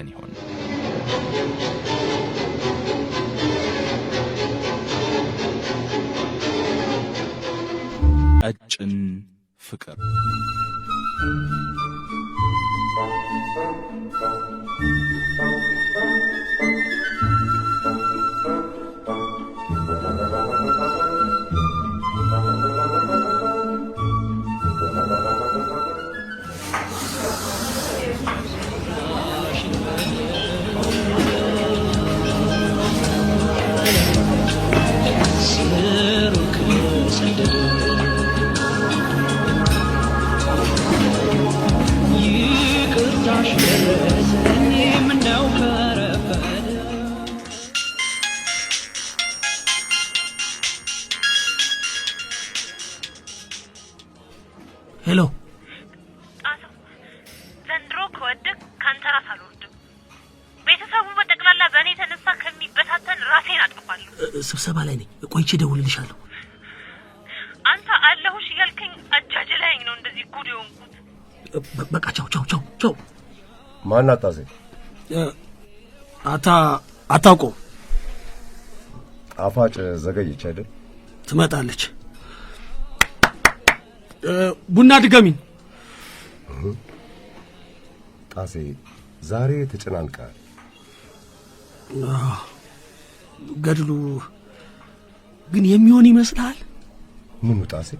ይሰጠን ይሆን? ቀጭን ፍቅር ሄሎ ዘንድሮ ከወድቅ ከአንተ ራስ አልወርድም። ቤተሰቡ በጠቅላላ በእኔ የተነሳ ከሚበታተን ራሴን አጠፋለሁ። ስብሰባ ላይ ነኝ፣ ቆይቼ እደውልልሻለሁ። አንተ አለሁሽ እያልከኝ አጃጅለኸኝ ነው እንደዚህ ጉድ የሆንኩት። በቃ ቻው ቻው ቻው ቻው። ማን አጣሴ? አታ አታውቀውም። ጣፋጭ ዘገየች አይደል? ትመጣለች ቡና ድገሚ። ጣሴ ዛሬ ተጨናንቃል። ገድሉ ግን የሚሆን ይመስልሃል? ምኑ ጣሴ?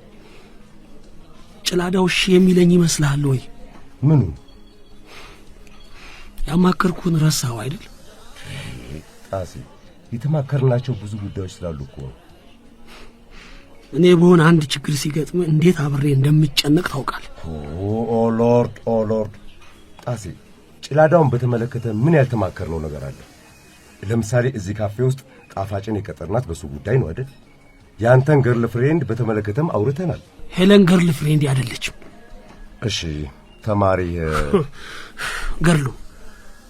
ጭላዳው እሺ የሚለኝ ይመስልሃል ወይ? ምኑ? ያማከርኩን ረሳው አይደል? ጣሴ የተማከርናቸው ብዙ ጉዳዮች ስላሉ እኮ ነው። እኔ በሆነ አንድ ችግር ሲገጥም እንዴት አብሬ እንደምጨነቅ ታውቃል። ኦ ሎርድ ኦ ሎርድ። ጣሴ ጭላዳውን በተመለከተ ምን ያልተማከርነው ነገር አለ? ለምሳሌ እዚህ ካፌ ውስጥ ጣፋጭን የቀጠርናት በሱ ጉዳይ ነው አይደል? የአንተን ገርል ፍሬንድ በተመለከተም አውርተናል። ሄለን ገርል ፍሬንድ አይደለችም። እሺ ተማሪ ገርሉ፣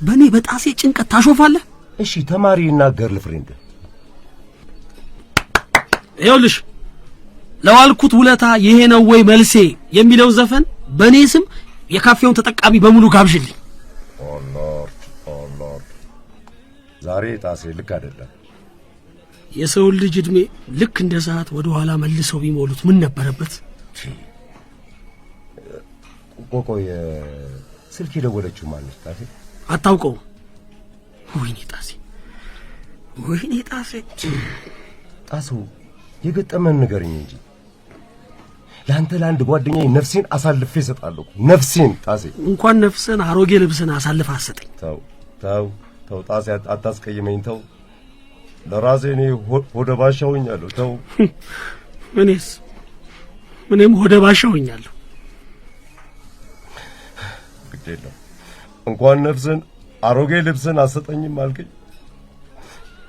በእኔ በጣሴ ጭንቀት ታሾፋለህ። እሺ ተማሪና ገርል ፍሬንድ ይኸውልሽ ለዋልኩት ውለታ ይሄ ነው ወይ መልሴ የሚለው ዘፈን በእኔ ስም የካፌውን ተጠቃሚ በሙሉ ጋብዥልኝ። ዛሬ ጣሴ ልክ አይደለም። የሰውን ልጅ እድሜ ልክ እንደ ሰዓት ወደ ኋላ መልሰው ቢሞሉት ምን ነበረበት? ቆቆየ ስልክ የደወለችው ማለች ጣሴ አታውቀው? ወይኔ ጣሴ፣ ወይኔ ጣሴ፣ ጣሰው የገጠመን ንገረኝ እንጂ ለአንተ ለአንድ ጓደኛ ነፍሴን አሳልፌ እሰጣለሁ። ነፍሴን ጣሴ፣ እንኳን ነፍስን አሮጌ ልብስን አሳልፍ አሰጠኝ። ተው ተው ተው ጣሴ፣ አታስቀይመኝ። ተው ለራሴ እኔ ሆደ ባሻ ተው እኔስ እኔም ሆደ ባሻ ሆኛለሁ። ግድ የለም እንኳን ነፍስን አሮጌ ልብስን አሰጠኝም አልከኝ።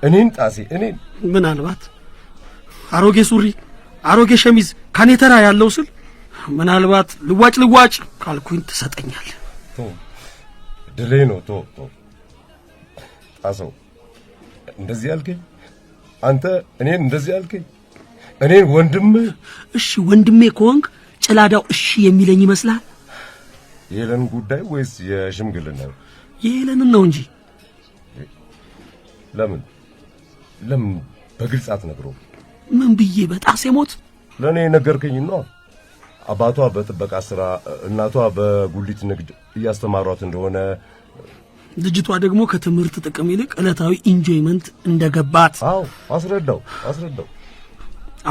እኔን ጣሴ፣ እኔን ምናልባት አሮጌ ሱሪ አሮጌ ሸሚዝ ከኔ ተራ ያለው ስል ምናልባት ልዋጭ ልዋጭ ካልኩኝ ትሰጠኛል። ድሌ ነው ቶ ጣሰው እንደዚህ ያልከኝ አንተ እኔን እንደዚህ ያልከኝ እኔን ወንድም እሺ ወንድሜ ከሆንክ ጭላዳው እሺ የሚለኝ ይመስላል። የሄለን ጉዳይ ወይስ የሽምግልና ነው? የሄለንን ነው እንጂ ለምን ለምን በግልጽ አትነግረውም? ምን ብዬ በጣሴ ሞት ለእኔ ነገርከኝ ነው። አባቷ በጥበቃ ሥራ እናቷ በጉሊት ንግድ እያስተማሯት እንደሆነ ልጅቷ ደግሞ ከትምህርት ጥቅም ይልቅ ዕለታዊ ኢንጆይመንት እንደገባት አዎ አስረዳው አስረዳው።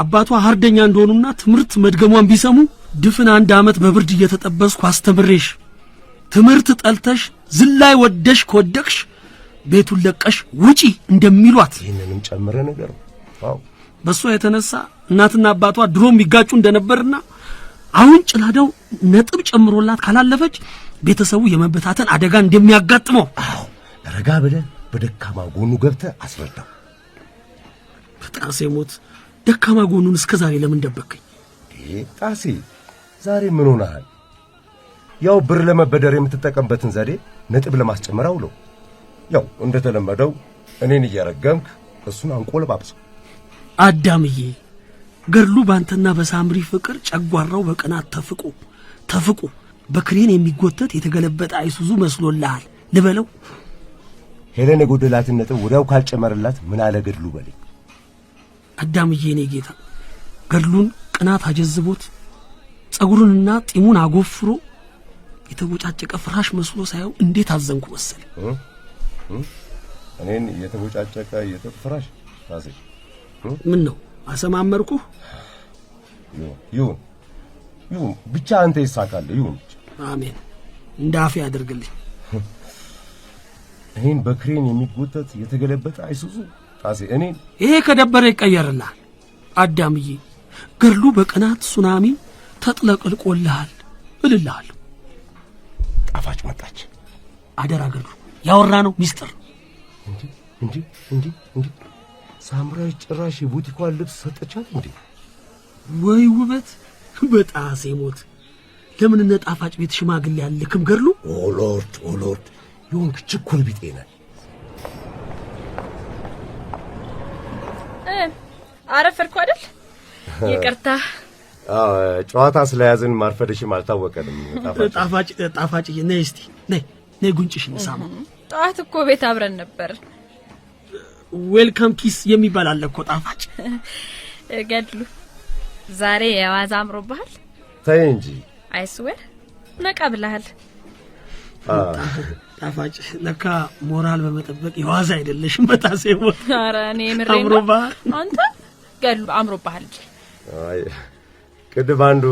አባቷ ሀርደኛ እንደሆኑና ትምህርት መድገሟን ቢሰሙ ድፍን አንድ ዓመት በብርድ እየተጠበስኩ አስተምሬሽ ትምህርት ጠልተሽ ዝላይ ወደሽ ከወደቅሽ ቤቱን ለቀሽ ውጪ እንደሚሏት ይህንንም ጨምረ ነገር አዎ በእሷ የተነሳ እናትና አባቷ ድሮም ይጋጩ እንደነበርና አሁን ጭላዳው ነጥብ ጨምሮላት ካላለፈች ቤተሰቡ የመበታተን አደጋ እንደሚያጋጥመው ረጋ ብለህ በደካማ ጎኑ ገብተህ አስረዳው። በጣሴ ሞት ደካማ ጎኑን እስከ ዛሬ ለምን ደበከኝ? ጣሴ ዛሬ ምን ሆነሃል? ያው ብር ለመበደር የምትጠቀምበትን ዘዴ ነጥብ ለማስጨመር አውለው። ያው እንደተለመደው እኔን እያረገምክ እሱን አንቆለባብሰው። አዳምዬ ገድሉ ባንተና በሳምሪ ፍቅር ጨጓራው በቅናት ተፍቆ ተፍቆ በክሬን የሚጎተት የተገለበጠ አይሱዙ መስሎልሃል ልበለው? ሄለን የጎደላትን ነጥብ ወዲያው ካልጨመረላት ምን አለ ገድሉ በለኝ። አዳምዬ እኔ ጌታ ገድሉን ቅናት አጀዝቦት ጸጉሩንና ጢሙን አጎፍሮ የተቦጫጨቀ ፍራሽ መስሎ ሳየው እንዴት አዘንኩ መሰል። እኔን የተቦጫጨቀ የጥጥ ፍራሽ ምን ነው አሰማመርኩ? ይሁን ይሁን፣ ብቻ አንተ ይሳካልህ። ይሁን አሜን። እንደ አፌ ያደርግልኝ። ይህን በክሬን የሚጎተት የተገለበጠ አይሱዙ ጣሴ እኔ ይሄ ከደበረ ይቀየርልሃል። አዳምዬ ገድሉ በቅናት ሱናሚ ተጥለቅልቆልሃል እልልሃል። ጣፋጭ መጣች። አደራ ገድሉ ያወራ ነው ሚስጥር እንጂ እንጂ እንጂ እንጂ ሳምራዊ ጭራሽ የቡቲኳን ልብስ ሰጠቻት እንዴ? ወይ ውበት! በጣሴ ሞት! ለምን እነ ጣፋጭ ቤት ሽማግሌ ያልክም ገድሉ? ኦሎርድ ኦሎርድ የሆንክ ችኩል ቢጤ ነህ። አረፈርኩ አይደል? ይቅርታ። ጨዋታ ስለያዝን ማርፈድሽም አልታወቀንም። ጣፋጭ ጣፋጭ፣ ነይ እስቲ ነይ ነይ፣ ጉንጭሽ እንሳማ። ጠዋት እኮ ቤት አብረን ነበር። ዌልካም ኪስ የሚባል አለ እኮ ጣፋጭ። ገድሉ ዛሬ የዋዛ አምሮብሃል። ተይ እንጂ አይስዌር ነቃ ብለሃል። ጣፋጭ ለካ ሞራል በመጠበቅ የዋዛ አይደለሽም። በታሴ ኧረ እኔ ምሬ አምሮብሃል። አንተ ገድሉ አምሮብሃል እንጂ ቅድም አንዱ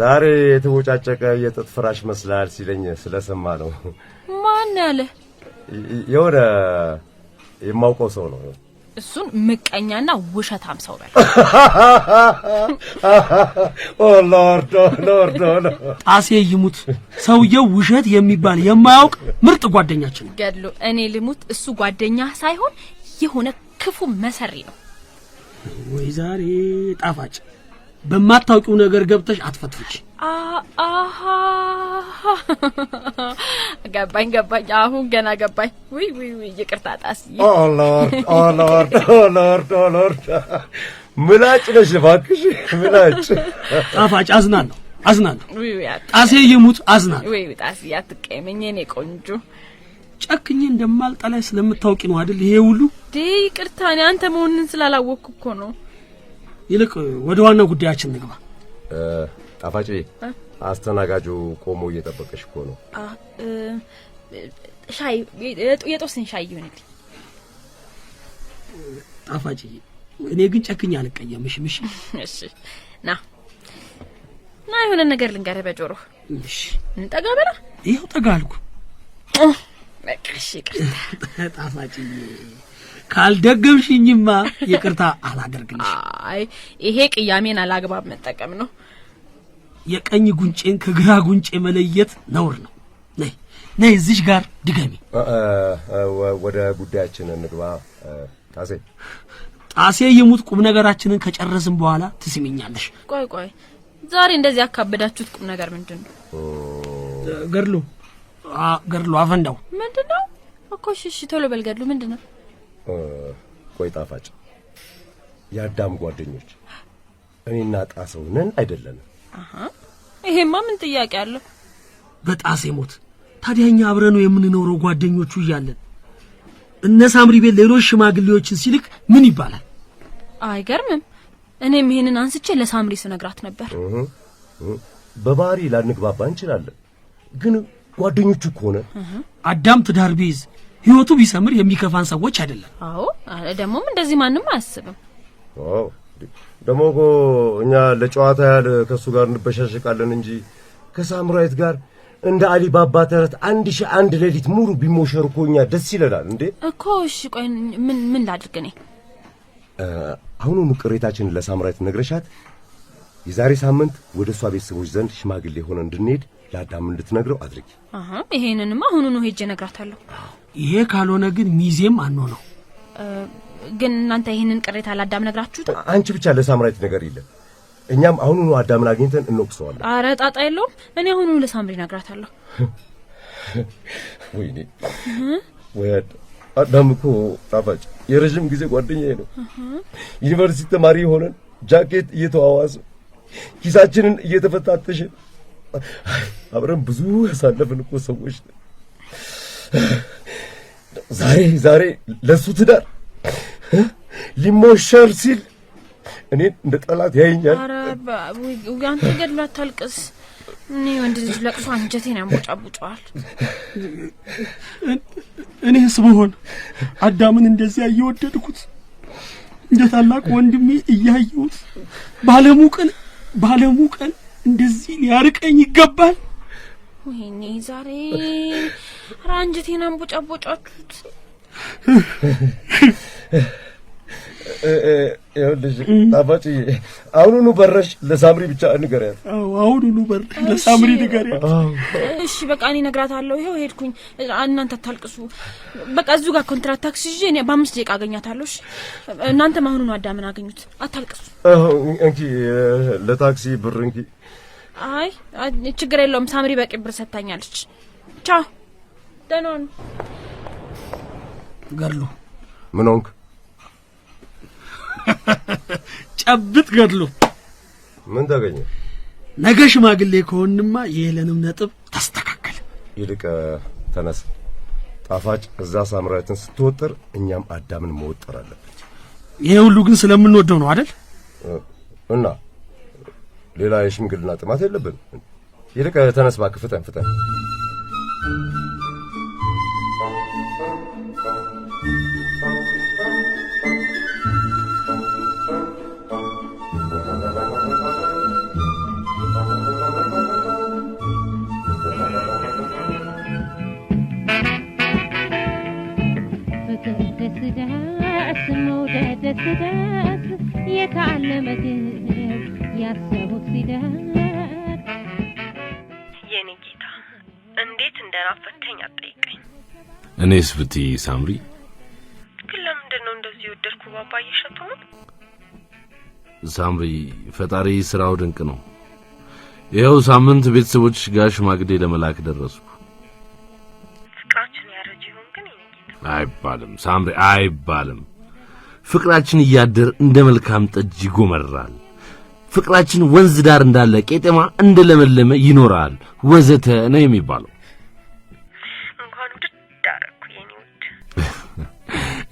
ዛሬ የተቦጫጨቀ የጥጥ ፍራሽ መስላል ሲለኝ ስለሰማ ነው። ማን ያለ የሆነ የማውቀው ሰው ነው። እሱን ምቀኛና ውሸታም ሰው በል። ሎርድ ሎርድ አሴ ይሙት፣ ሰውየው ውሸት የሚባል የማያውቅ ምርጥ ጓደኛችን ነው። ገድሉ፣ እኔ ልሙት፣ እሱ ጓደኛ ሳይሆን የሆነ ክፉ መሰሪ ነው። ወይ ዛሬ ጣፋጭ በማታውቂው ነገር ገብተሽ አትፈትፍች። ገባኝ ገባኝ፣ አሁን ገና ገባኝ። ውይ ውይ ውይ፣ ይቅርታ ጣስ። ኦ ሎርድ ኦ ሎርድ ኦ ሎርድ ኦ ሎርድ፣ ምላጭ ነሽ እባክሽ፣ ምላጭ ጣፋጭ። አዝናለሁ አዝናለሁ፣ ጣሴ ይሙት አዝናለሁ። ውይ ጣሴ አትቀየመኝ የኔ ቆንጆ። ጨክኜ እንደማልጠላሽ ስለምታውቂ ነው አይደል? ይሄ ሁሉ ይቅርታ፣ እኔ አንተ መሆንን ስላላወቅኩ እኮ ነው ይልቅ ወደ ዋናው ጉዳያችን ንግባ። ጣፋጭ አስተናጋጁ ቆሞ እየጠበቀሽ እኮ ነው። ሻይ የጦስን ሻይ ይሆንልኝ። ጣፋጭ እኔ ግን ጨክኝ አልቀየምሽም። እሺ ና ና፣ የሆነ ነገር ልንገርህ በጆሮ። እሺ እንጠጋ በላ። ይኸው ጠጋ አልኩ። በቃ እሺ፣ ጣፋጭ ካልደገምሽኝማ ይቅርታ አላደርግልሽ። አይ ይሄ ቅያሜን አላግባብ መጠቀም ነው። የቀኝ ጉንጬን ከግራ ጉንጬ መለየት ነውር ነው። ነይ ነይ፣ እዚህ ጋር ድገሚ። ወደ ጉዳያችን እንግባ። ጣሴ ጣሴ ይሙት፣ ቁም ነገራችንን ከጨረስን በኋላ ትስሚኛለሽ። ቆይ ቆይ፣ ዛሬ እንደዚህ ያካበዳችሁት ቁም ነገር ምንድን ነው? ገድሉ ገድሉ፣ አፈንዳው ምንድን ነው እኮ? እሺ ቶሎ በል ገድሉ፣ ምንድን ነው? ቆይ ጣፋጭ የአዳም ጓደኞች እኔና ጣሰው ነን አይደለንም? ይሄማ ምን ጥያቄ አለው? በጣሴ ሞት ታዲያ እኛ ነው የምንኖረው ጓደኞቹ እያለን እነ ሳምሪ ቤት ሌሎች ሽማግሌዎችን ሲልክ ምን ይባላል? አይገርምም። እኔም ይሄንን አንስቼ ለሳምሪ ስነግራት ነበር። በባህሪ ላንግባባ እንችላለን፣ ግን ጓደኞቹ ከሆነ አዳም ትዳር ቢይዝ ህይወቱ ቢሰምር የሚከፋን ሰዎች አይደለም። አዎ ደግሞም እንደዚህ ማንም አያስብም። ደግሞ እኮ እኛ ለጨዋታ ያህል ከእሱ ጋር እንበሻሸቃለን እንጂ ከሳምራዊት ጋር እንደ ባባ ተረት አንድ ሺህ አንድ ሌሊት ሙሉ ቢሞሸር እኮ እኛ ደስ ይለናል እንዴ እኮ። እሺ ቆይ ምን ምን ላድርግ እኔ? አሁኑኑ ቅሬታችን ለሳምራዊት ነግረሻት የዛሬ ሳምንት ወደ እሷ ቤተሰቦች ዘንድ ሽማግሌ ሆነ እንድንሄድ ለአዳም እንድትነግረው አድርጊ። ይሄንንም አሁኑኑ ሄጄ እነግራታለሁ። ይሄ ካልሆነ ግን ሚዜም አኖ ነው። ግን እናንተ ይህንን ቅሬታ ለአዳም ነግራችሁት? አንቺ ብቻ ለሳምራዊት ነገር የለም። እኛም አሁኑኑ አዳምን አግኝተን እንወቅሰዋለን። አረ ጣጣ የለውም። እኔ አሁኑ ለሳምሪ ነግራታለሁ። ወይኔ ወይ አዳም እኮ ጣፋጭ የረዥም ጊዜ ጓደኛዬ ነው። ዩኒቨርሲቲ ተማሪ የሆነን ጃኬት እየተዋዋስ ኪሳችንን እየተፈታተሽን አብረን ብዙ ያሳለፍን እኮ ሰዎች ዛሬ ዛሬ ለሱ ትዳር ሊሞሸር ሲል እኔ እንደ ጠላት ያይኛል። አንተ ገድሎ አታልቅስ። እኔ ወንድ ልጅ ለቅሶ አንጀቴን ያንቦጫቡጨዋል። እኔስ ብሆን አዳምን እንደዚያ እየወደድኩት እንደ ታላቅ ወንድሜ እያየሁት ባለሙ ቀን ባለሙ ቀን እንደዚህ ሊያርቀኝ ይገባል። ወይኔ ዛሬ ኧረ አንጀቴን አንቦጫቦጫችሁት። ይኸውልሽ ጣፋጭዬ፣ አሁኑኑ በረሽ ለሳምሪ ብቻ ንገሪያት። አሁኑኑ በረሽ ለሳምሪ ንገሪያት። እሺ በቃ እኔ እነግራታለሁ። ይኸው ሄድኩኝ። እናንተ አታልቅሱ። በቃ እዚሁ ጋር ኮንትራት ታክሲ ይዤ እኔ በአምስት ደቂቃ አገኛታለሁ። እናንተም አሁኑኑ አዳምን አገኙት። አታልቅሱ። እንኪ ለታክሲ ብር እንኪ። አይ ችግር የለውም ሳምሪ በቂ ብር ሰታኛለች። ቻው ደህና ነው። ገድሉ ምን ሆንክ? ጨብጥ ገድሉ ምን ታገኘ? ነገ ሽማግሌ ከሆንማ የሄለንም ነጥብ ተስተካከል። ይልቅ ተነስ ጣፋጭ፣ እዛ ሳምራዊትን ስትወጥር እኛም አዳምን መወጠር አለበት። ይሄ ሁሉ ግን ስለምንወደው ነው አይደል? እና ሌላ የሽምግልና ጥማት የለብን። ይልቅ ተነስ እባክህ፣ ፍጠን ፍጠን። እኔስ ብትይ ሳምሪ፣ ግን ለምንድን ነው እንደዚህ ወደድኩ ባባ እሸቱ ሳምሪ፣ ፈጣሪ ስራው ድንቅ ነው። ይኸው ሳምንት ቤተሰቦች ጋሽ ማግዴ ለመላክ ደረሱ። ፍቅራችን ያረጀ ይሆን ግን? አይባልም ሳምሪ፣ አይባልም። ፍቅራችን እያደር እንደ መልካም ጠጅ ይጎመራል። ፍቅራችን ወንዝ ዳር እንዳለ ቄጤማ እንደለመለመ ይኖራል፣ ወዘተ ነው የሚባለው።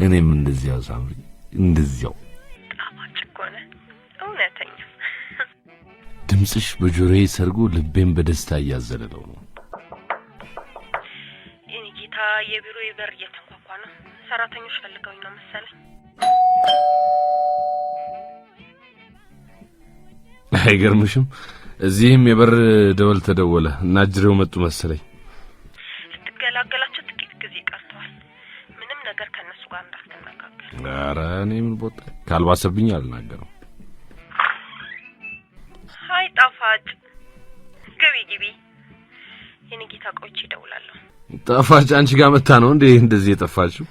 እኔም እንደዚያው ሳምሪ፣ እንደዚያው እውነተኛ ድምፅሽ በጆሮዬ ሰርጎ ልቤን በደስታ እያዘለለው ነው። የኔ ጌታ፣ የቢሮ በር እየተንኳኳ ነው። ሰራተኞች ፈልገውኝ ነው መሰለኝ። አይገርምሽም? እዚህም የበር ደወል ተደወለ እና አጅሬው መጡ መሰለኝ። ልትገላገላቸው ጥቂት ጊዜ ቀርተዋል። ምንም ነገር ከነ እንኳን እንዳትነጋገር። ኧረ እኔ ምን ቦጣ ካልባሰብኝ አልናገረው። አይ ጣፋጭ ግቢ ግቢ። የኔ ጌታ ቆይቼ እደውላለሁ። ጣፋጭ አንቺ ጋር መታ ነው እንዴ እንደዚህ የጠፋችው?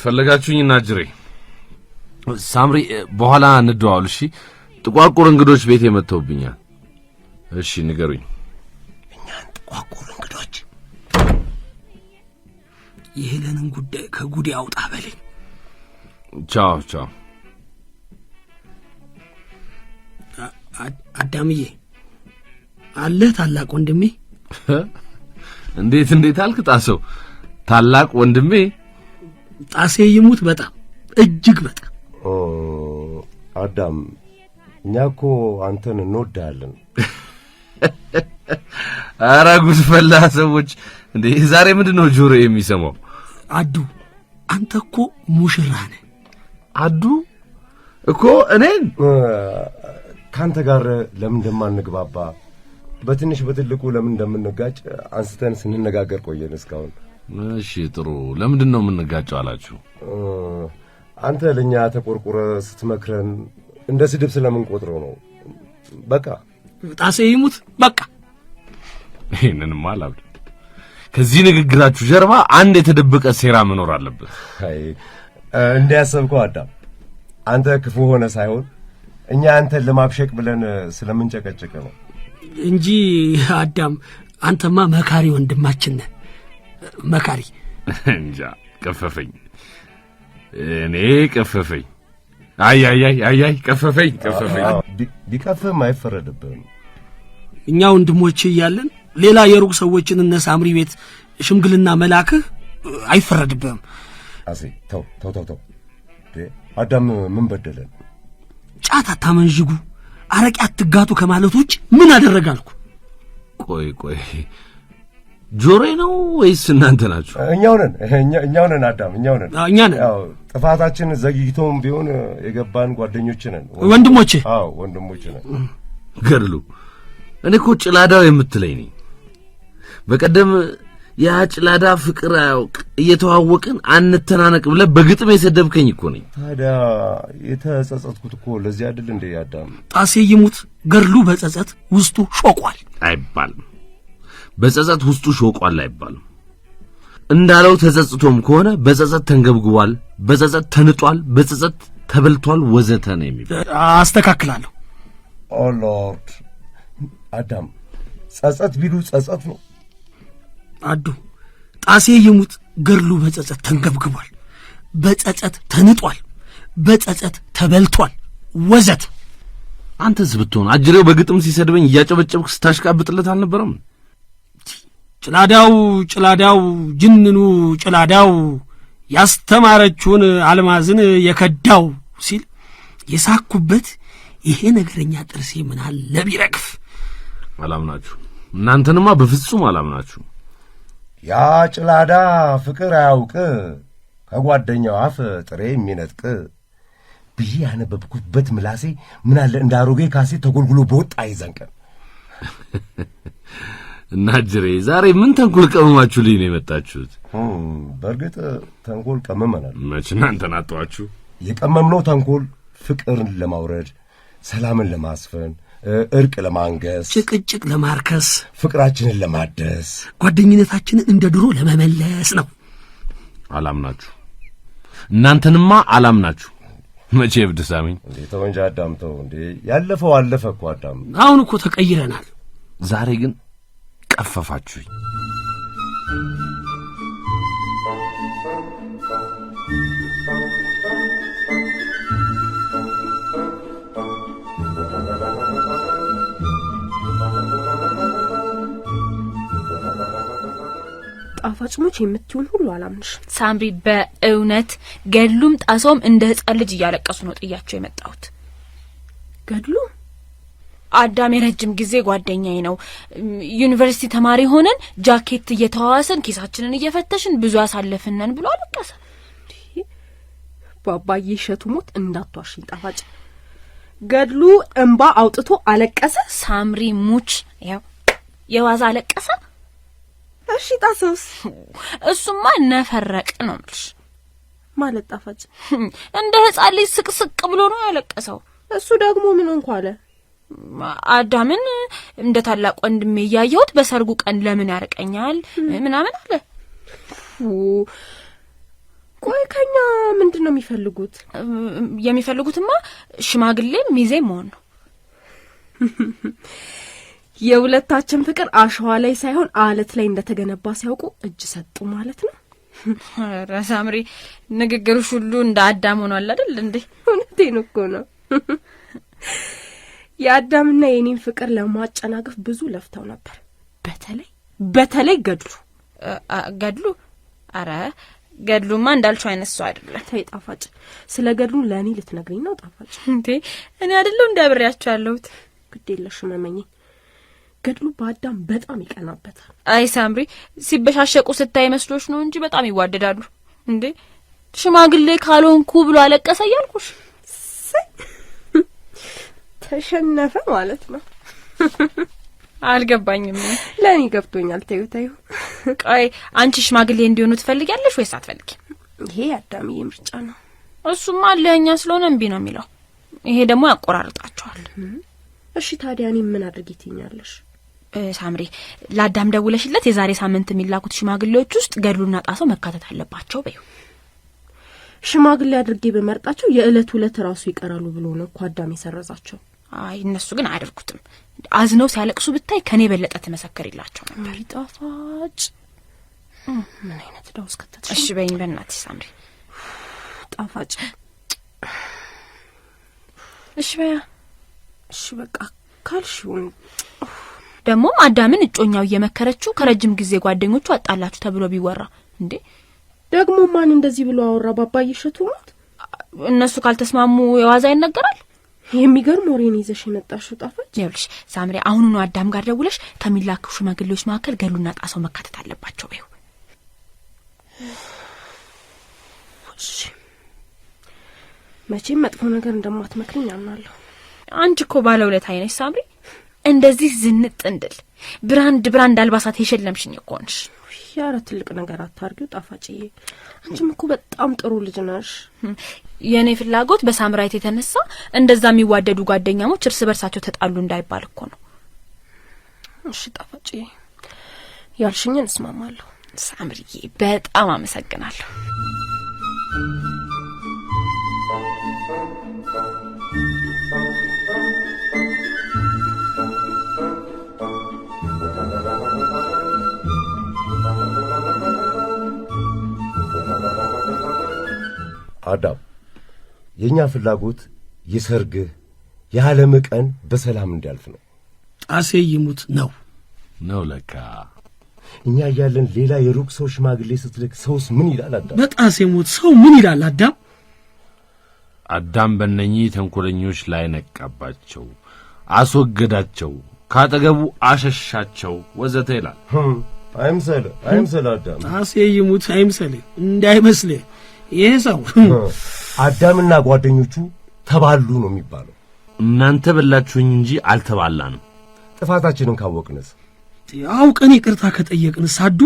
ፈለጋችሁኝ እናጅሬ ጅሬ ሳምሪ፣ በኋላ እንደዋወል። እሺ፣ ጥቋቁር እንግዶች ቤት የመጥተውብኛል። እሺ፣ ንገሩኝ። እኛን ጥቋቁር የሄለንን ጉዳይ ከጉድ አውጣ በልኝ። ቻው ቻው። አዳምዬ አለ ታላቅ ወንድሜ። እንዴት እንዴት አልክ ጣሰው? ታላቅ ወንድሜ ጣሴ ይሙት በጣም እጅግ በጣም አዳም፣ እኛ እኮ አንተን እንወዳለን። አረ ጉድ ፈላ ሰዎች! እንዴ ዛሬ ምንድን ነው ጆሮ የሚሰማው? አዱ አንተ እኮ ሙሽራ ነህ። አዱ እኮ እኔን ከአንተ ጋር ለምን እንደማንግባባ በትንሽ በትልቁ ለምን እንደምንጋጭ አንስተን ስንነጋገር ቆየን እስካሁን። እሺ ጥሩ፣ ለምንድን ነው የምንጋጨው አላችሁ? አንተ ለእኛ ተቆርቁረ ስትመክረን እንደ ስድብ ስለምንቆጥረው ነው። በቃ ጣሴ ይሙት በቃ ይህንንም አላብድ ከዚህ ንግግራችሁ ጀርባ አንድ የተደበቀ ሴራ መኖር አለበት። እንዲያሰብከው አዳም፣ አንተ ክፉ ሆነ ሳይሆን እኛ አንተን ለማብሸቅ ብለን ስለምንጨቀጭቅ ነው እንጂ አዳም፣ አንተማ መካሪ ወንድማችን ነህ። መካሪ እንጃ ቀፈፈኝ፣ እኔ ቀፈፈኝ። አይ ቀፈፈኝ፣ ቀፈፈኝ። ቢቀፍም አይፈረድብህም። እኛ ወንድሞች እያለን ሌላ የሩቅ ሰዎችን እነ ሳምሪ ቤት ሽምግልና መላክህ አይፈረድብህም። አሴ ተው ተው ተው ተው። አዳም ምን በደለን? ጫት አታመንዥጉ፣ አረቄ አትጋቱ ከማለት ውጭ ምን አደረጋልኩ? ቆይ ቆይ ጆሬ ነው ወይስ እናንተ ናችሁ? እኛው ነን እኛው ነን አዳም እኛው ነን እኛ ነን። ጥፋታችን ዘግይቶም ቢሆን የገባን ጓደኞች ነን ወንድሞቼ። አዎ ወንድሞች ነን። ገድሉ እኔ እኮ ጭላዳው የምትለኝ ነኝ በቀደም የአጭላዳ ፍቅር አያውቅ እየተዋወቅን አንተናነቅ ብለ በግጥም የሰደብከኝ እኮ ነኝ። ታዲያ የተጸጸትኩት እኮ ለዚህ አይደል እንደ ያዳም ጣሴ ይሙት ገድሉ በጸጸት ውስጡ ሾቋል አይባልም። በጸጸት ውስጡ ሾቋል አይባልም። እንዳለው ተጸጽቶም ከሆነ በጸጸት ተንገብግቧል፣ በጸጸት ተንጧል፣ በጸጸት ተበልቷል፣ ወዘተ ነው የሚባል። አስተካክላለሁ። ኦ ሎርድ አዳም ጸጸት ቢሉ ጸጸት ነው አዱ ጣሴ ይሙት ገድሉ በጸጸት ተንገብግቧል፣ በጸጸት ተንጧል፣ በጸጸት ተበልቷል፣ ወዘት አንተስ ብትሆን አጅሬው በግጥም ሲሰድበኝ እያጨበጨብክ ስታሽቃብጥለት አልነበረም? ጭላዳው ጭላዳው ጅንኑ ጭላዳው ያስተማረችውን አልማዝን የከዳው ሲል የሳኩበት ይሄ ነገረኛ ጥርሴ ምናለ ቢረግፍ። አላምናችሁ እናንተንማ በፍጹም አላምናችሁ። ያ ጭላዳ ፍቅር አያውቅ ከጓደኛው አፍ ጥሬ የሚነጥቅ ብዬ ያነበብኩበት ምላሴ ምናለ እንደ አሮጌ ካሴ ተጎልጉሎ በወጣ ይዘን እና ጅሬ ዛሬ ምን ተንኮል ልኝ ነው የመጣችሁት? በእርግጥ ተንኮል ቀመመናል። መች እናንተን የቀመምነው ተንኮል ፍቅርን ለማውረድ፣ ሰላምን ለማስፈን እርቅ ለማንገስ፣ ጭቅጭቅ ለማርከስ፣ ፍቅራችንን ለማደስ፣ ጓደኝነታችንን እንደ ድሮ ለመመለስ ነው። አላምናችሁ እናንተንማ አላምናችሁ። መቼ እብድ ሳሚኝ እንዴ! ተው እንጂ አዳም ተው እንዴ! ያለፈው አለፈ እኮ አዳም። አሁን እኮ ተቀይረናል። ዛሬ ግን ቀፈፋችሁኝ። ጣፋጭ ሞች የምትሆን ሁሉ አላምንሽ ሳምሪ። በእውነት ገድሉም ጣሰውም እንደ ሕፃን ልጅ እያለቀሱ ነው ጥያቸው የመጣሁት። ገድሉ አዳም የረጅም ጊዜ ጓደኛዬ ነው። ዩኒቨርሲቲ ተማሪ ሆነን ጃኬት እየተዋዋሰን ኪሳችንን እየፈተሽን ብዙ ያሳለፍነን ብሎ አለቀሰ። ባባዬ እሸቱ ሞት እንዳቷሽኝ ጣፋጭ ገድሉ እንባ አውጥቶ አለቀሰ። ሳምሪ ሙች ያው የዋዛ አለቀሰ። እሺ ጣሰውስ? እሱማ ነፈረቅ ነው የምልሽ። ማለት ጣፋጭ እንደ ህፃን ልጅ ስቅስቅ ብሎ ነው ያለቀሰው። እሱ ደግሞ ምን እንኳ አለ? አዳምን እንደ ታላቅ ወንድሜ እያየሁት በሰርጉ ቀን ለምን ያርቀኛል ምናምን አለ። ቆይ ከኛ ምንድን ነው የሚፈልጉት? የሚፈልጉትማ ሽማግሌ ሚዜ መሆን ነው። የሁለታችን ፍቅር አሸዋ ላይ ሳይሆን አለት ላይ እንደተገነባ ሲያውቁ እጅ ሰጡ ማለት ነው። ኧረ ሳምሪ ንግግርሽ ሁሉ እንደ አዳም ሆኗል አይደል እንዴ? እውነቴን እኮ ነው። የአዳምና የኔን ፍቅር ለማጨናገፍ ብዙ ለፍተው ነበር። በተለይ በተለይ ገድሉ ገድሉ አረ ገድሉማ እንዳልሽው አይነት ሰው አይደለም። ተይ ጣፋጭ፣ ስለ ገድሉ ለእኔ ልትነግሪኝ ነው? ጣፋጭ እንዴ እኔ አይደለሁ እንዲያብሬያቸው ያለሁት ግድ የለሽ መመኘኝ ገድሉ በአዳም በጣም ይቀናበታል። አይ ሳምሪ ሲበሻሸቁ ስታይ መስሎች ነው እንጂ በጣም ይዋደዳሉ። እንዴ ሽማግሌ ካልሆንኩ ብሎ አለቀሰ እያልኩሽ ተሸነፈ ማለት ነው። አልገባኝም። ለእኔ ገብቶኛል። ተዩታ ይሁን። ቆይ አንቺ ሽማግሌ እንዲሆኑ ትፈልጊያለሽ ወይስ አትፈልጊ? ይሄ አዳምዬ ምርጫ ነው። እሱማ አለኛ ስለሆነ እምቢ ነው የሚለው። ይሄ ደግሞ ያቆራርጣቸዋል። እሺ ታዲያ እኔ ምን አድርጊ ትኛለሽ? ሳምሪ ለአዳም ደውለሽለት የዛሬ ሳምንት የሚላኩት ሽማግሌዎች ውስጥ ገድሉና ጣሰው መካተት አለባቸው በይው። ሽማግሌ አድርጌ በመርጣቸው የእለት ሁለት ራሱ ይቀራሉ ብሎ ነው እኮ አዳም የሰረዛቸው። አይ እነሱ ግን አያደርጉትም። አዝነው ሲያለቅሱ ብታይ ከኔ የበለጠ ትመሰክሪላቸው ነበር። ጣፋጭ ምን አይነት ደውስ ከተት። እሺ በይኝ በእናት ሳምሪ ጣፋጭ እሺ በያ እሺ በቃ ካልሽውን ደግሞም አዳምን እጮኛው እየመከረችው ከረጅም ጊዜ ጓደኞቹ አጣላችሁ ተብሎ ቢወራ እንዴ ደግሞ ማን እንደዚህ ብሎ አወራ? ባባዬ እሸቱ ሞት። እነሱ ካልተስማሙ የዋዛ ይነገራል። የሚገርም ወሬን ይዘሽ የመጣሽው ጣፋጭ። ይኸውልሽ ሳምሪ፣ አሁኑኑ አዳም ጋር ደውለሽ ከሚላኩ ሽማግሌዎች መካከል ገሉና ጣሰው መካተት አለባቸው። ይኸው መቼም መጥፎ ነገር እንደማትመክርኝ አምናለሁ። አንቺ እኮ ባለውለታዬ አይነሽ ሳምሪ። እንደዚህ ዝንጥ እንድል ብራንድ ብራንድ አልባሳት የሸለምሽኝ እኮ ነሽ። ትልቅ ነገር አታርጊው ጣፋጭዬ፣ አንቺም እኮ በጣም ጥሩ ልጅ ነሽ። የእኔ ፍላጎት በሳምራይት የተነሳ እንደዛ የሚዋደዱ ጓደኛሞች እርስ በርሳቸው ተጣሉ እንዳይባል እኮ ነው። እሺ ጣፋጭዬ፣ ያልሽኝን እስማማለሁ። ሳምርዬ፣ በጣም አመሰግናለሁ። አዳም የእኛ ፍላጎት የሰርግህ የዓለም ቀን በሰላም እንዲያልፍ ነው። ጣሴ ይሙት ነው ነው ለካ እኛ እያለን ሌላ የሩቅ ሰው ሽማግሌ ስትልክ ሰውስ ምን ይላል? አዳም በጣሴ ሞት ሰው ምን ይላል? አዳም አዳም በእነኚህ ተንኮለኞች ላይ ነቃባቸው፣ አስወገዳቸው፣ ካጠገቡ አሸሻቸው ወዘተ ይላል። አይምሰል አይምሰል አዳም ጣሴ ይሙት አይምሰል እንዳይመስልህ ይህ ሰው አዳምና ጓደኞቹ ተባሉ ነው የሚባለው። እናንተ በላችሁኝ እንጂ አልተባላንም። ጥፋታችንን ካወቅንስ? አውቀን ይቅርታ ከጠየቅን ሳዱ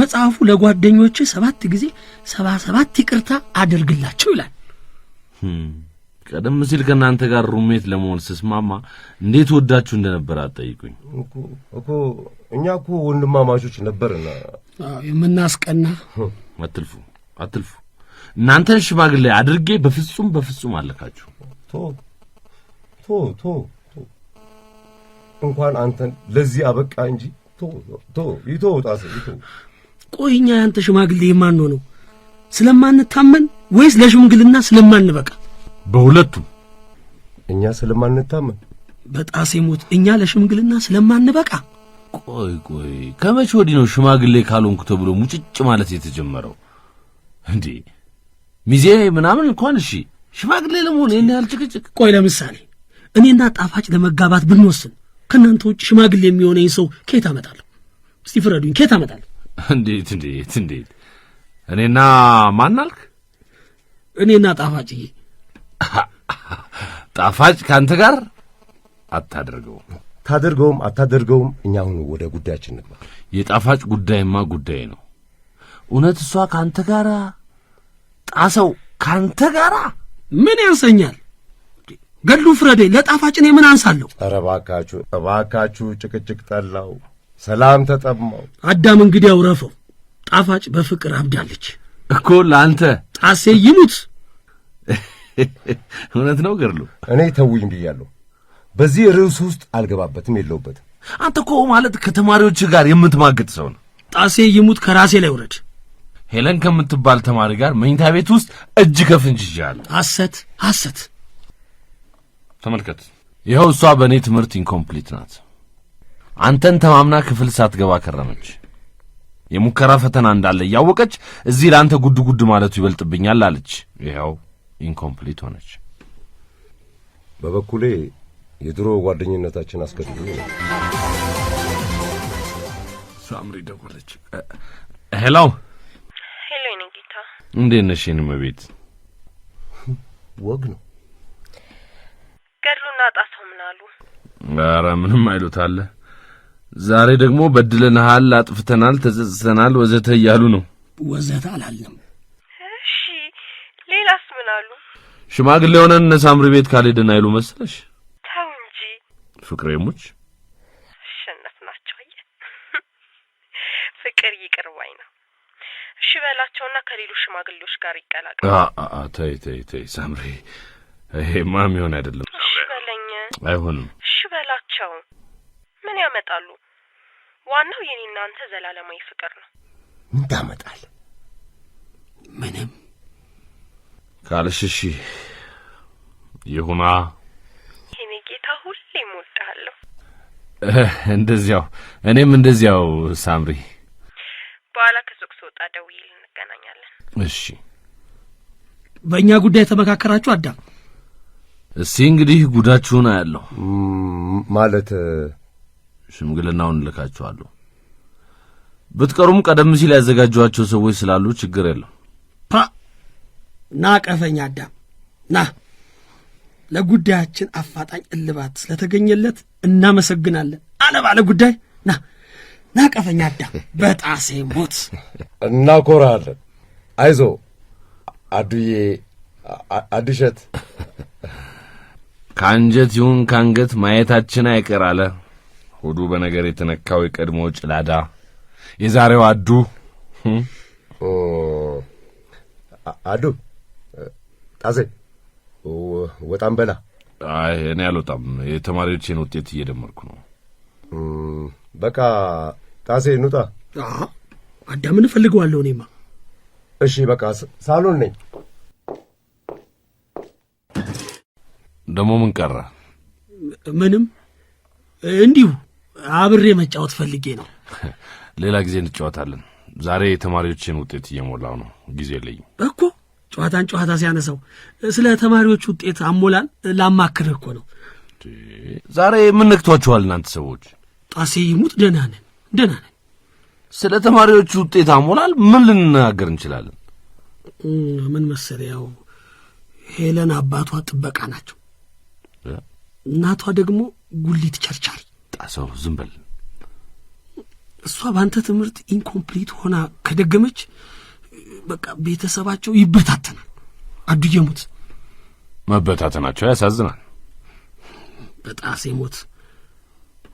መጽሐፉ ለጓደኞች ሰባት ጊዜ ሰባ ሰባት ይቅርታ አድርግላቸው ይላል። ቀደም ሲል ከእናንተ ጋር ሩሜት ለመሆን ስስማማ እንዴት ወዳችሁ እንደነበር አትጠይቁኝ እኮ እኛ እኮ ወንድማማቾች ነበርና የምናስቀና አትልፉ አትልፉ። እናንተን ሽማግሌ አድርጌ በፍጹም በፍጹም አለካችሁ። ቶ ቶ ቶ እንኳን አንተን ለዚህ አበቃ እንጂ ቶ ቶ ይቶ ጣሰ ይቶ ቆይ እኛ ያንተ ሽማግሌ የማንሆነው ነው ስለማንታመን ወይስ ለሽምግልና ስለማንበቃ? በሁለቱም። እኛ ስለማንታመን በጣሴ ሞት እኛ ለሽምግልና ስለማንበቃ። ቆይ ቆይ ከመቼ ወዲህ ነው ሽማግሌ ካልሆንኩ ተብሎ ሙጭጭ ማለት የተጀመረው? እንዴ ሚዜ ምናምን እንኳን እሺ፣ ሽማግሌ ለመሆን ይህን ያህል ጭቅጭቅ። ቆይ ለምሳሌ እኔና ጣፋጭ ለመጋባት ብንወስን ከእናንተ ውጭ ሽማግሌ የሚሆነኝ ሰው ከየት አመጣለሁ? እስቲ ፍረዱኝ፣ ከየት አመጣለሁ? እንዴት እንዴት እንዴት! እኔና ማን አልክ? እኔና ጣፋጭዬ። ጣፋጭ ከአንተ ጋር አታደርገውም። ታደርገውም አታደርገውም፣ እኛ አሁን ወደ ጉዳያችን ንግባ። የጣፋጭ ጉዳይማ ጉዳይ ነው። እውነት እሷ ከአንተ ጋር ጣሰው ካንተ ጋራ ምን ያንሰኛል? ገሉ ፍረዴ፣ ለጣፋጭ እኔ ምን አንሳለሁ? ኧረ እባካችሁ እባካችሁ፣ ጭቅጭቅ ጠላው፣ ሰላም ተጠማው። አዳም እንግዲህ አውረፈው፣ ጣፋጭ በፍቅር አብዳለች እኮ ለአንተ። ጣሴ ይሙት፣ እውነት ነው ገድሉ። እኔ ተውኝ ብያለሁ። በዚህ ርዕስ ውስጥ አልገባበትም፣ የለውበትም። አንተ እኮ ማለት ከተማሪዎች ጋር የምትማግጥ ሰው ነው። ጣሴ ይሙት፣ ከራሴ ላይ ውረድ። ሄለን ከምትባል ተማሪ ጋር መኝታ ቤት ውስጥ እጅ ከፍንጅ ይዣለሁ። ሐሰት ሐሰት። ተመልከት፣ ይኸው እሷ በእኔ ትምህርት ኢንኮምፕሊት ናት። አንተን ተማምና ክፍል ሳትገባ ከረመች። የሙከራ ፈተና እንዳለ እያወቀች እዚህ ለአንተ ጉድ ጉድ ማለቱ ይበልጥብኛል አለች። ይኸው ኢንኮምፕሊት ሆነች። በበኩሌ የድሮ ጓደኝነታችን አስገድሉ ሳምሪ ደወለች። ሄላው እንዴት ነሽ? የእኔም ቤት ወግ ነው። ገድሉና ጣሰው ምን አሉ? ኧረ ምንም አይሉት አለ። ዛሬ ደግሞ በድለንሃል፣ አጥፍተናል፣ ተጸጽተናል ወዘተ እያሉ ነው። ወዘተ አላለም። እሺ ሌላስ ምን አሉ? ሽማግሌ የሆነን እነ ሳምሪ ቤት ካልሄድን አይሉ መሰለሽ። ተው እንጂ ፍቅሬሞች እሺ በላቸውና ከሌሎች ሽማግሌዎች ጋር ይቀላቀል። ተይ ተይ ተይ ይሄ ማም የሚሆን አይደለም። እሺ በለኝ። አይሆንም። እሺ በላቸው። ምን ያመጣሉ? ዋናው የኔና አንተ ዘላለማዊ ፍቅር ነው። ምን ታመጣል? ምንም ካልሽ እሺ ይሁና። የኔ ጌታ ሁሌ እምወድሃለሁ። እንደዚያው እኔም እንደዚያው ሳምሪ እሺ በእኛ ጉዳይ ተመካከራችሁ? አዳም እስቲ እንግዲህ ጉዳችሁን አያለሁ። ማለት ሽምግልናውን እልካችኋለሁ። ብትቀሩም ቀደም ሲል ያዘጋጇቸው ሰዎች ስላሉ ችግር የለም። ፓ ና ቀፈኝ አዳም ና። ለጉዳያችን አፋጣኝ እልባት ስለተገኘለት እናመሰግናለን። አለ ባለ ጉዳይ ና ና ቀፈኝ አዳም በጣሴ ሞት እናኮራለን። አይዞ አዱዬ አዱሸት ከአንጀት ይሁን ከአንገት ማየታችን አይቀር አለ። ሆዱ በነገር የተነካው የቀድሞ ጭላዳ የዛሬው አዱ አዱ ጣሴ ወጣም በላ። እኔ አልወጣም፣ የተማሪዎቼን ውጤት እየደመርኩ ነው። በቃ ጣሴ ኑጣ አዳምን እፈልገዋለሁ እኔማ እሺ በቃ ሳሎን ነኝ። ደግሞ ምን ቀረ? ምንም፣ እንዲሁ አብሬ መጫወት ፈልጌ ነው። ሌላ ጊዜ እንጫወታለን። ዛሬ የተማሪዎችን ውጤት እየሞላው ነው፣ ጊዜ የለኝም እኮ። ጨዋታን ጨዋታ ሲያነሳው ስለ ተማሪዎች ውጤት አሞላል ላማክርህ እኮ ነው። ዛሬ ምን ነክቷችኋል እናንተ ሰዎች? ጣሴ ይሙት ደህና ነን፣ ደህና ነን። ስለ ተማሪዎቹ ውጤት አሞላል ምን ልንናገር እንችላለን? ምን መሰለ፣ ያው ሄለን አባቷ ጥበቃ ናቸው፣ እናቷ ደግሞ ጉሊት ቸርቻሪ። ጣሰው ዝም በል። እሷ በአንተ ትምህርት ኢንኮምፕሊት ሆና ከደገመች በቃ ቤተሰባቸው ይበታተናል። አዱዬ ሞት መበታተናቸው ያሳዝናል። በጣሴ ሞት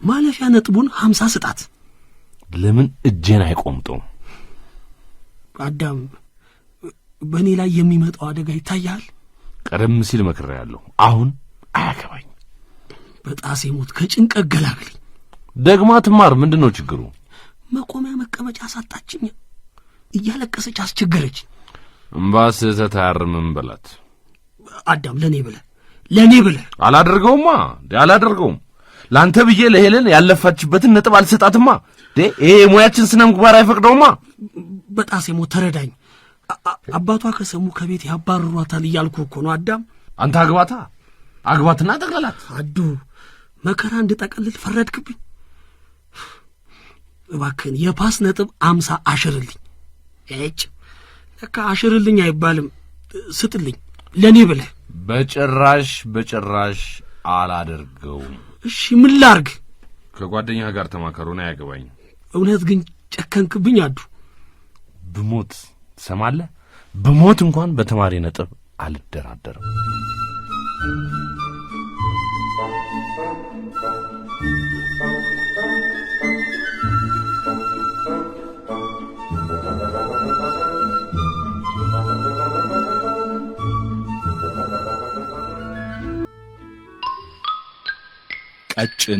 ማለፊያ ነጥቡን ሀምሳ ስጣት። ለምን እጄን አይቆምጠውም? አዳም፣ በእኔ ላይ የሚመጣው አደጋ ይታያል። ቀደም ሲል መክሬያለሁ። አሁን አያገባኝ። በጣሴ ሞት ከጭንቀት ገላግልኝ። ደግማ ትማር። ምንድን ነው ችግሩ? መቆሚያ መቀመጫ አሳጣችኝ። እያለቀሰች አስቸገረች። እምባስ ተታርምም በላት። አዳም፣ ለእኔ ብለህ ለእኔ ብለህ አላደርገውማ፣ አላደርገውም። ለአንተ ብዬ ለሄለን ያለፋችበትን ነጥብ አልሰጣትማ። ይሄ የሙያችን ስነ ምግባር አይፈቅደውማ። በጣሴ ሞ ተረዳኝ። አባቷ ከሰሙ ከቤት ያባርሯታል እያልኩ እኮ ነው። አዳም አንተ አግባታ አግባትና ጠቅለላት። አዱ መከራ እንድጠቀልል ፈረድክብኝ። እባክህን የፓስ ነጥብ አምሳ አሽርልኝ። ጭ ለካ አሽርልኝ አይባልም፣ ስጥልኝ ለእኔ ብለህ። በጭራሽ በጭራሽ አላደርገውም። እሺ ምን ላርግ? ከጓደኛህ ጋር ተማከሩን አያገባኝ እውነት ግን ጨከንክብኝ አዱ። ብሞት ትሰማለህ፣ ብሞት እንኳን በተማሪ ነጥብ አልደራደርም። ቀጭን